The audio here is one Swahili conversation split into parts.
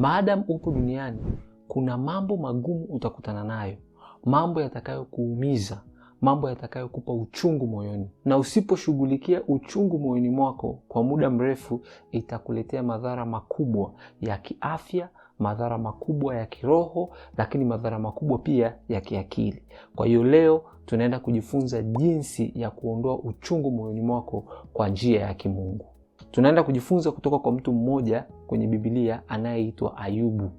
maadamu upo duniani, kuna mambo magumu utakutana nayo, mambo yatakayokuumiza, mambo yatakayokupa uchungu moyoni, na usiposhughulikia uchungu moyoni mwako kwa muda mrefu, itakuletea madhara makubwa ya kiafya, madhara makubwa ya kiroho, lakini madhara makubwa pia ya kiakili. Kwa hiyo leo tunaenda kujifunza jinsi ya kuondoa uchungu moyoni mwako kwa njia ya kimungu. Tunaenda kujifunza kutoka kwa mtu mmoja kwenye bibilia anayeitwa Ayubu.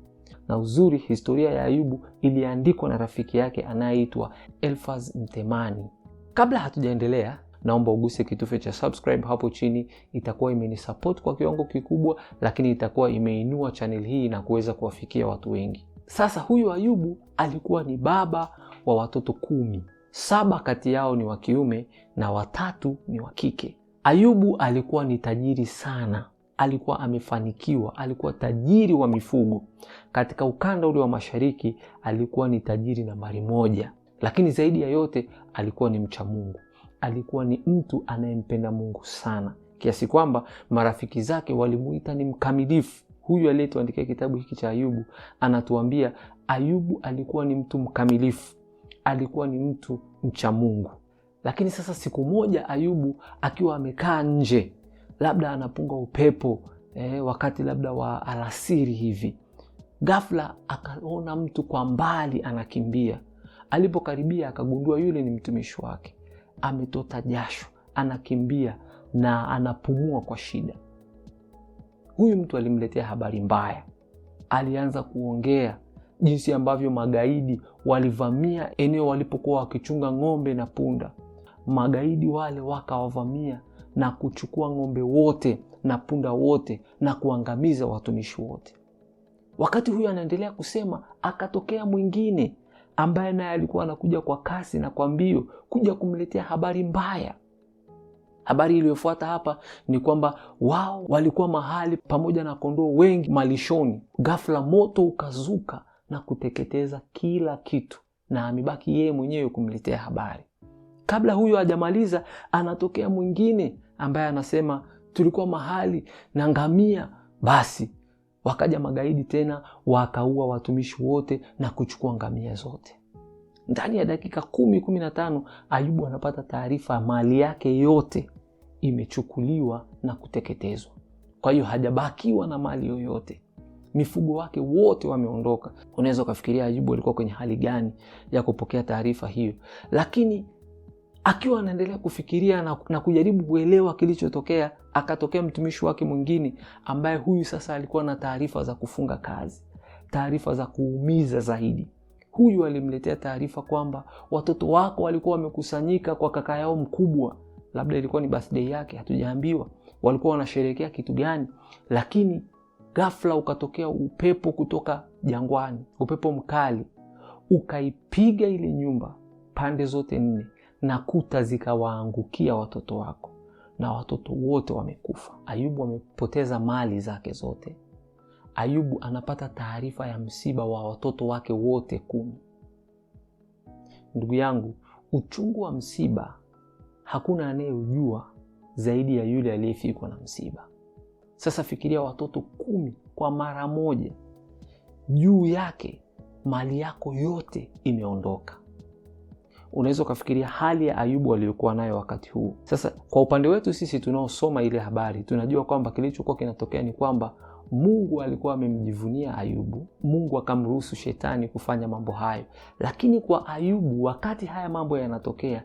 Na uzuri, historia ya Ayubu iliandikwa na rafiki yake anayeitwa elfas Mtemani. Kabla hatujaendelea, naomba uguse kitufe cha subscribe hapo chini. Itakuwa imenisupport kwa kiwango kikubwa, lakini itakuwa imeinua chaneli hii na kuweza kuwafikia watu wengi. Sasa huyu Ayubu alikuwa ni baba wa watoto kumi, saba kati yao ni wa kiume na watatu ni wa kike. Ayubu alikuwa ni tajiri sana, alikuwa amefanikiwa, alikuwa tajiri wa mifugo katika ukanda ule wa mashariki, alikuwa ni tajiri nambari moja, lakini zaidi ya yote alikuwa ni mcha Mungu, alikuwa ni mtu anayempenda Mungu sana kiasi kwamba marafiki zake walimuita ni mkamilifu. Huyu aliyetuandikia kitabu hiki cha Ayubu anatuambia Ayubu alikuwa ni mtu mkamilifu, alikuwa ni mtu mcha Mungu. Lakini sasa siku moja Ayubu akiwa amekaa nje, labda anapunga upepo eh, wakati labda wa alasiri hivi, ghafla akaona mtu kwa mbali anakimbia. Alipokaribia akagundua yule ni mtumishi wake, ametota jasho, anakimbia na anapumua kwa shida. Huyu mtu alimletea habari mbaya. Alianza kuongea jinsi ambavyo magaidi walivamia eneo walipokuwa wakichunga ng'ombe na punda magaidi wale wakawavamia na kuchukua ng'ombe wote na punda wote na kuangamiza watumishi wote. Wakati huyo anaendelea kusema, akatokea mwingine ambaye naye alikuwa anakuja kwa kasi na kwa mbio kuja kumletea habari mbaya. Habari iliyofuata hapa ni kwamba wao walikuwa mahali pamoja na kondoo wengi malishoni, ghafla moto ukazuka na kuteketeza kila kitu, na amebaki yeye mwenyewe kumletea habari. Kabla huyo hajamaliza, anatokea mwingine ambaye anasema tulikuwa mahali na ngamia, basi wakaja magaidi tena wakaua watumishi wote na kuchukua ngamia zote. Ndani ya dakika kumi kumi na tano Ayubu anapata taarifa mali yake yote imechukuliwa na kuteketezwa. Kwa hiyo hajabakiwa na mali yoyote, mifugo wake wote wameondoka. Unaweza ukafikiria Ayubu alikuwa kwenye hali gani ya kupokea taarifa hiyo, lakini Akiwa anaendelea kufikiria na, na kujaribu kuelewa kilichotokea, akatokea mtumishi wake mwingine ambaye huyu sasa alikuwa na taarifa za kufunga kazi, taarifa za kuumiza zaidi. Huyu alimletea taarifa kwamba watoto wako walikuwa wamekusanyika kwa kaka yao mkubwa, labda ilikuwa ni birthday yake, hatujaambiwa walikuwa wanasherehekea kitu gani, lakini ghafla ukatokea upepo kutoka jangwani, upepo mkali ukaipiga ile nyumba pande zote nne na kuta zikawaangukia watoto wako na watoto wote wamekufa. Ayubu amepoteza mali zake zote. Ayubu anapata taarifa ya msiba wa watoto wake wote kumi. Ndugu yangu, uchungu wa msiba hakuna anayeujua zaidi ya yule aliyefikwa na msiba. Sasa fikiria watoto kumi kwa mara moja, juu yake mali yako yote imeondoka unaweza ukafikiria hali ya Ayubu aliyokuwa nayo wakati huu. Sasa kwa upande wetu sisi tunaosoma ile habari tunajua kwamba kilichokuwa kinatokea ni kwamba Mungu alikuwa amemjivunia Ayubu, Mungu akamruhusu shetani kufanya mambo hayo. Lakini kwa Ayubu, wakati haya mambo yanatokea,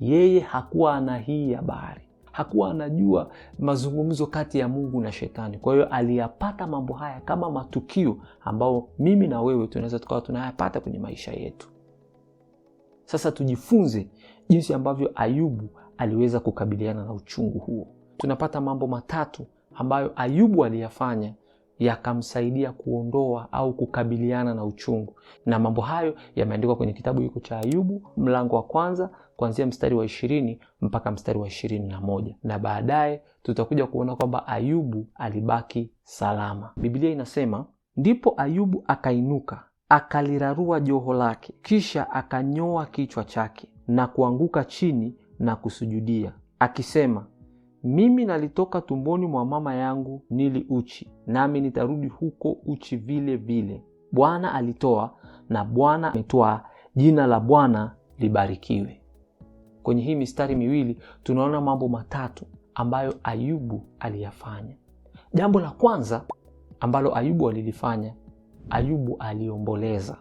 yeye hakuwa ana hii habari, hakuwa anajua mazungumzo kati ya Mungu na shetani. Kwa hiyo aliyapata mambo haya kama matukio ambayo mimi na wewe tunaweza tukawa tunayapata kwenye maisha yetu. Sasa tujifunze jinsi ambavyo Ayubu aliweza kukabiliana na uchungu huo. Tunapata mambo matatu ambayo Ayubu aliyafanya yakamsaidia kuondoa au kukabiliana na uchungu, na mambo hayo yameandikwa kwenye kitabu hiko cha Ayubu mlango wa kwanza kuanzia mstari wa ishirini mpaka mstari wa ishirini na moja na baadaye tutakuja kuona kwamba Ayubu alibaki salama. Biblia inasema ndipo Ayubu akainuka akalirarua joho lake, kisha akanyoa kichwa chake na kuanguka chini na kusujudia akisema, mimi nalitoka tumboni mwa mama yangu, nili uchi, nami nitarudi huko uchi vile vile. Bwana alitoa na Bwana ametwaa, jina la Bwana libarikiwe. Kwenye hii mistari miwili tunaona mambo matatu ambayo Ayubu aliyafanya. Jambo la kwanza ambalo Ayubu alilifanya Ayubu aliomboleza.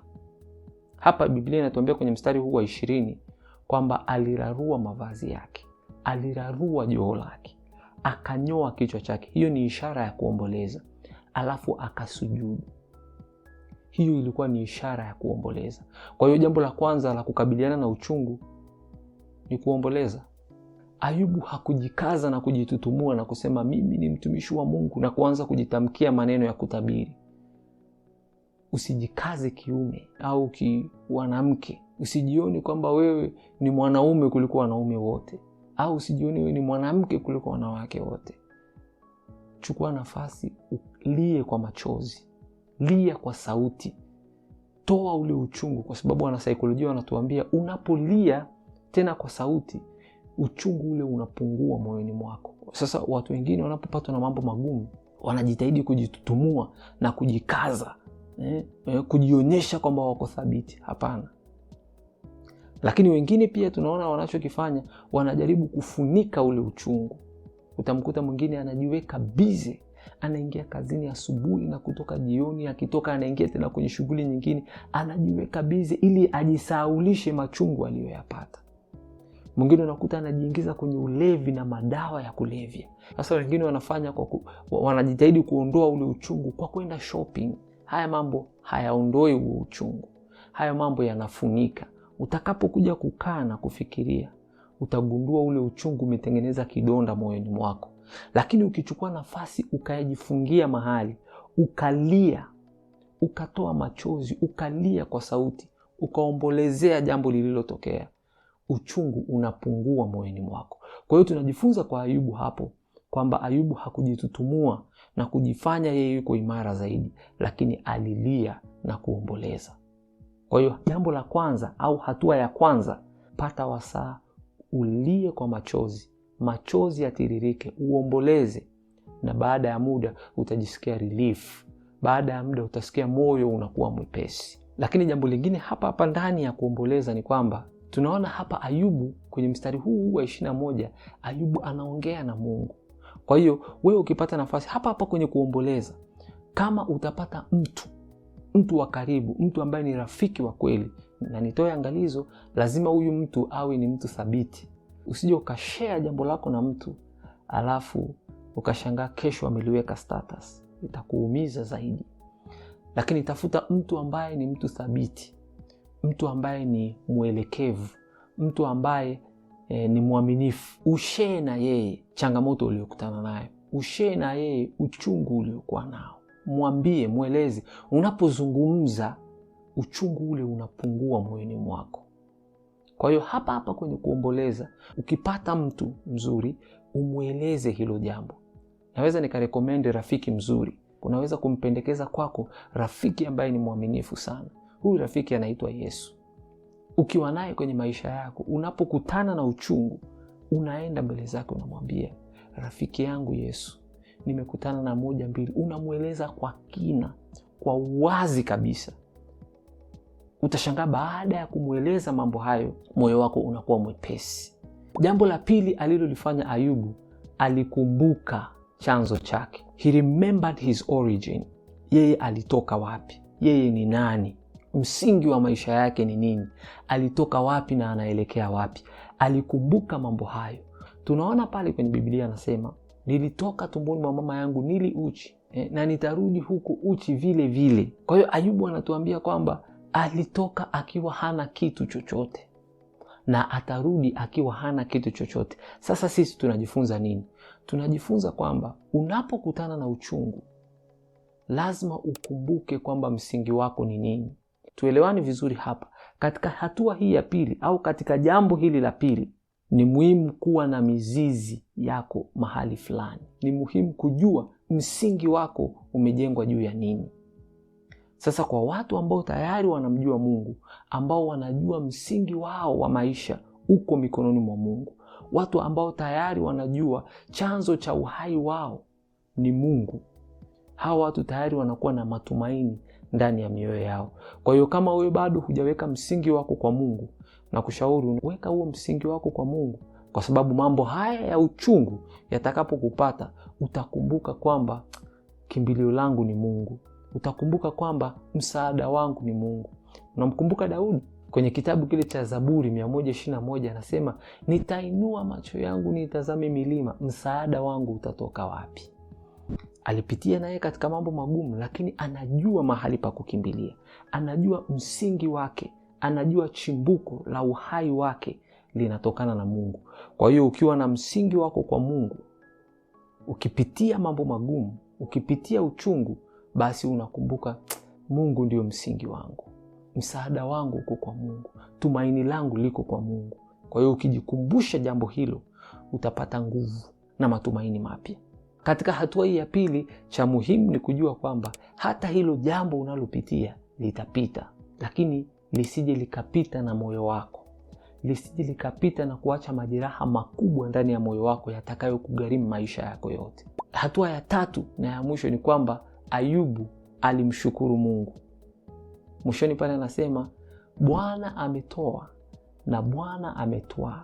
Hapa Biblia inatuambia kwenye mstari huu wa ishirini kwamba alirarua mavazi yake, alirarua joho lake, akanyoa kichwa chake. Hiyo ni ishara ya kuomboleza, alafu akasujudu. Hiyo ilikuwa ni ishara ya kuomboleza. Kwa hiyo jambo la kwanza la kukabiliana na uchungu ni kuomboleza. Ayubu hakujikaza na kujitutumua na kusema mimi ni mtumishi wa Mungu na kuanza kujitamkia maneno ya kutabiri usijikaze kiume au kiwanamke, usijioni kwamba wewe ni mwanaume kuliko wanaume wote, au usijioni wewe ni mwanamke kuliko wanawake wote. Chukua nafasi, ulie kwa machozi, lia kwa sauti, toa ule uchungu, kwa sababu wanasaikolojia wanatuambia unapolia tena kwa sauti, uchungu ule unapungua moyoni mwako. Sasa watu wengine wanapopatwa na mambo magumu wanajitahidi kujitutumua na kujikaza eh, kujionyesha kwamba wako thabiti. Hapana. Lakini wengine pia tunaona wanachokifanya, wanajaribu kufunika ule uchungu. Utamkuta mwingine anajiweka bize, anaingia kazini asubuhi na kutoka jioni, akitoka anaingia tena kwenye shughuli nyingine, anajiweka bize ili ajisaulishe machungu aliyoyapata. Mwingine unakuta anajiingiza kwenye ulevi na madawa ya kulevya. Sasa wengine wanafanya kwa ku, wanajitahidi kuondoa ule uchungu kwa kwenda shopping haya mambo hayaondoi huo uchungu, hayo mambo yanafunika. Utakapokuja kukaa na kufikiria, utagundua ule uchungu umetengeneza kidonda moyoni mwako. Lakini ukichukua nafasi ukayajifungia mahali, ukalia, ukatoa machozi, ukalia kwa sauti, ukaombolezea jambo lililotokea, uchungu unapungua moyoni mwako. Kwa hiyo tunajifunza kwa Ayubu hapo kwamba Ayubu hakujitutumua na kujifanya yeye yuko imara zaidi, lakini alilia na kuomboleza. Kwa hiyo jambo la kwanza au hatua ya kwanza, pata wasaa, ulie kwa machozi, machozi yatiririke, uomboleze, na baada ya muda utajisikia relief. Baada ya muda utasikia moyo unakuwa mwepesi. Lakini jambo lingine hapa hapa ndani ya kuomboleza ni kwamba tunaona hapa Ayubu kwenye mstari huu wa ishirina moja Ayubu anaongea na Mungu kwa hiyo wewe ukipata nafasi hapa hapa kwenye kuomboleza, kama utapata mtu mtu wa karibu, mtu ambaye ni rafiki wa kweli, na nitoe angalizo, lazima huyu mtu awe ni mtu thabiti. Usije ukashea jambo lako na mtu alafu ukashangaa kesho ameliweka status, itakuumiza zaidi. Lakini tafuta mtu ambaye ni mtu thabiti, mtu ambaye ni mwelekevu, mtu ambaye eh, ni mwaminifu, ushee na yeye changamoto uliokutana naye, ushee na yeye uchungu uliokuwa nao, mwambie, mweleze. Unapozungumza uchungu ule unapungua moyoni mwako. Kwa hiyo hapa hapa kwenye kuomboleza, ukipata mtu mzuri umweleze hilo jambo. Naweza nikarekomendi rafiki mzuri, unaweza kumpendekeza kwako rafiki ambaye ni mwaminifu sana. Huyu rafiki anaitwa Yesu. Ukiwa naye kwenye maisha yako, unapokutana na uchungu unaenda mbele zake unamwambia, rafiki yangu Yesu, nimekutana na moja mbili. Unamweleza kwa kina, kwa uwazi kabisa. Utashangaa baada ya kumweleza mambo hayo, moyo wako unakuwa mwepesi. Jambo la pili alilolifanya Ayubu, alikumbuka chanzo chake. He remembered his origin. Yeye alitoka wapi? Yeye ni nani? Msingi wa maisha yake ni nini? Alitoka wapi na anaelekea wapi? alikumbuka mambo hayo. Tunaona pale kwenye Biblia anasema nilitoka tumboni mwa mama yangu nili uchi eh, na nitarudi huku uchi vile vile. Kwa hiyo Ayubu anatuambia kwamba alitoka akiwa hana kitu chochote na atarudi akiwa hana kitu chochote. Sasa sisi tunajifunza nini? Tunajifunza kwamba unapokutana na uchungu lazima ukumbuke kwamba msingi wako ni nini. tuelewani vizuri hapa. Katika hatua hii ya pili au katika jambo hili la pili, ni muhimu kuwa na mizizi yako mahali fulani. Ni muhimu kujua msingi wako umejengwa juu ya nini. Sasa kwa watu ambao tayari wanamjua Mungu, ambao wanajua msingi wao wa maisha uko mikononi mwa Mungu, watu ambao tayari wanajua chanzo cha uhai wao ni Mungu, hawa watu tayari wanakuwa na matumaini ndani ya mioyo yao. Kwa hiyo kama wewe bado hujaweka msingi wako kwa Mungu, na kushauri weka huo msingi wako kwa Mungu, kwa sababu mambo haya ya uchungu yatakapokupata utakumbuka kwamba kimbilio langu ni Mungu, utakumbuka kwamba msaada wangu ni Mungu. Unamkumbuka Daudi kwenye kitabu kile cha Zaburi 121 anasema, nitainua macho yangu nitazame milima, msaada wangu utatoka wapi? alipitia naye katika mambo magumu, lakini anajua mahali pa kukimbilia, anajua msingi wake, anajua chimbuko la uhai wake linatokana na Mungu. Kwa hiyo ukiwa na msingi wako kwa Mungu, ukipitia mambo magumu, ukipitia uchungu, basi unakumbuka Mungu ndio msingi wangu, msaada wangu uko kwa Mungu, tumaini langu liko kwa Mungu. Kwa hiyo ukijikumbusha jambo hilo, utapata nguvu na matumaini mapya. Katika hatua hii ya pili, cha muhimu ni kujua kwamba hata hilo jambo unalopitia litapita, lakini lisije likapita na moyo wako, lisije likapita na kuacha majeraha makubwa ndani ya moyo wako yatakayokugharimu maisha yako yote. Hatua ya tatu na ya mwisho ni kwamba Ayubu alimshukuru Mungu. Mwishoni pale anasema, Bwana ametoa na Bwana ametwaa,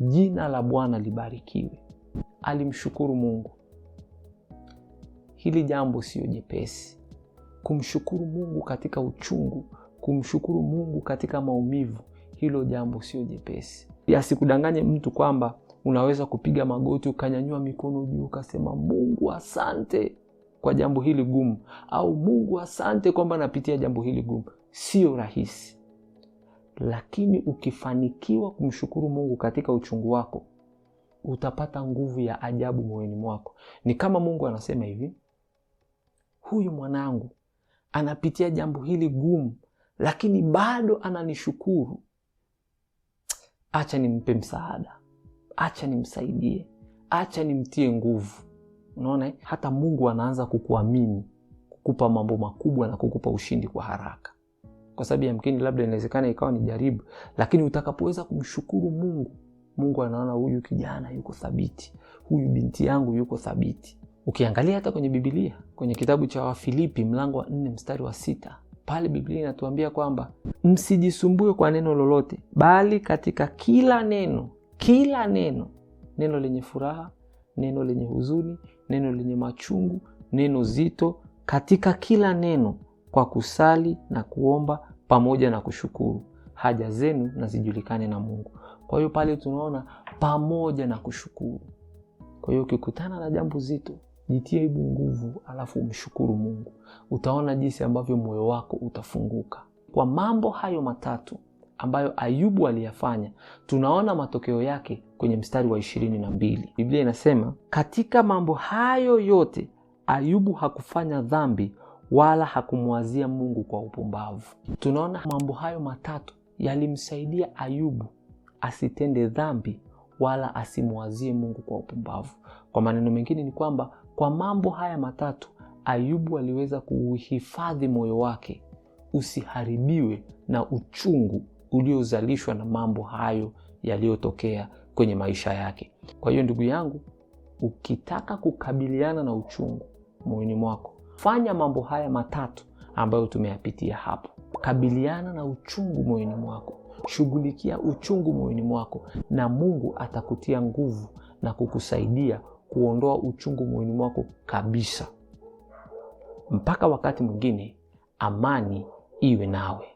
jina la Bwana libarikiwe. Alimshukuru Mungu. Hili jambo siyo jepesi. Kumshukuru Mungu katika uchungu, kumshukuru Mungu katika maumivu, hilo jambo siyo jepesi. Asikudanganye mtu kwamba unaweza kupiga magoti ukanyanyua mikono juu ukasema, Mungu asante kwa jambo hili gumu, au Mungu asante kwamba napitia jambo hili gumu. Sio rahisi, lakini ukifanikiwa kumshukuru Mungu katika uchungu wako utapata nguvu ya ajabu moyoni mwako. Ni kama Mungu anasema hivi huyu mwanangu anapitia jambo hili gumu, lakini bado ananishukuru, acha nimpe msaada, acha nimsaidie, acha nimtie nguvu. Unaona, hata Mungu anaanza kukuamini, kukupa mambo makubwa na kukupa ushindi kwa haraka, kwa sababu yamkini, labda inawezekana ikawa ni jaribu, lakini utakapoweza kumshukuru Mungu, Mungu anaona huyu kijana yuko thabiti, huyu binti yangu yuko thabiti, Ukiangalia hata kwenye Biblia, kwenye kitabu cha Wafilipi mlango wa nne mstari wa sita pale Biblia inatuambia kwamba msijisumbue kwa neno lolote, bali katika kila neno, kila neno, neno lenye furaha, neno lenye huzuni, neno lenye machungu, neno zito, katika kila neno, kwa kusali na kuomba pamoja na kushukuru, haja zenu na zijulikane na Mungu. Kwa hiyo pale tunaona pamoja na kushukuru. Kwa hiyo ukikutana na jambo zito Jitie hebu nguvu, alafu umshukuru Mungu. Utaona jinsi ambavyo moyo wako utafunguka. Kwa mambo hayo matatu ambayo Ayubu aliyafanya, tunaona matokeo yake kwenye mstari wa ishirini na mbili. Biblia inasema katika mambo hayo yote Ayubu hakufanya dhambi wala hakumwazia Mungu kwa upumbavu. Tunaona mambo hayo matatu yalimsaidia Ayubu asitende dhambi wala asimwazie Mungu kwa upumbavu. Kwa maneno mengine ni kwamba kwa mambo haya matatu Ayubu aliweza kuuhifadhi moyo wake usiharibiwe na uchungu uliozalishwa na mambo hayo yaliyotokea kwenye maisha yake. Kwa hiyo ndugu yangu, ukitaka kukabiliana na uchungu moyoni mwako, fanya mambo haya matatu ambayo tumeyapitia hapo. Kabiliana na uchungu moyoni mwako, shughulikia uchungu moyoni mwako, na Mungu atakutia nguvu na kukusaidia kuondoa uchungu moyoni mwako kabisa. Mpaka wakati mwingine, amani iwe nawe.